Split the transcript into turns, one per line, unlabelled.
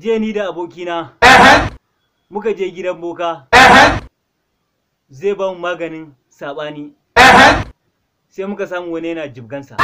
Jiya ni da abokina. Muka je gidan boka. Zai ba mu maganin saɓani. Sai muka samu wani yana jibgansa.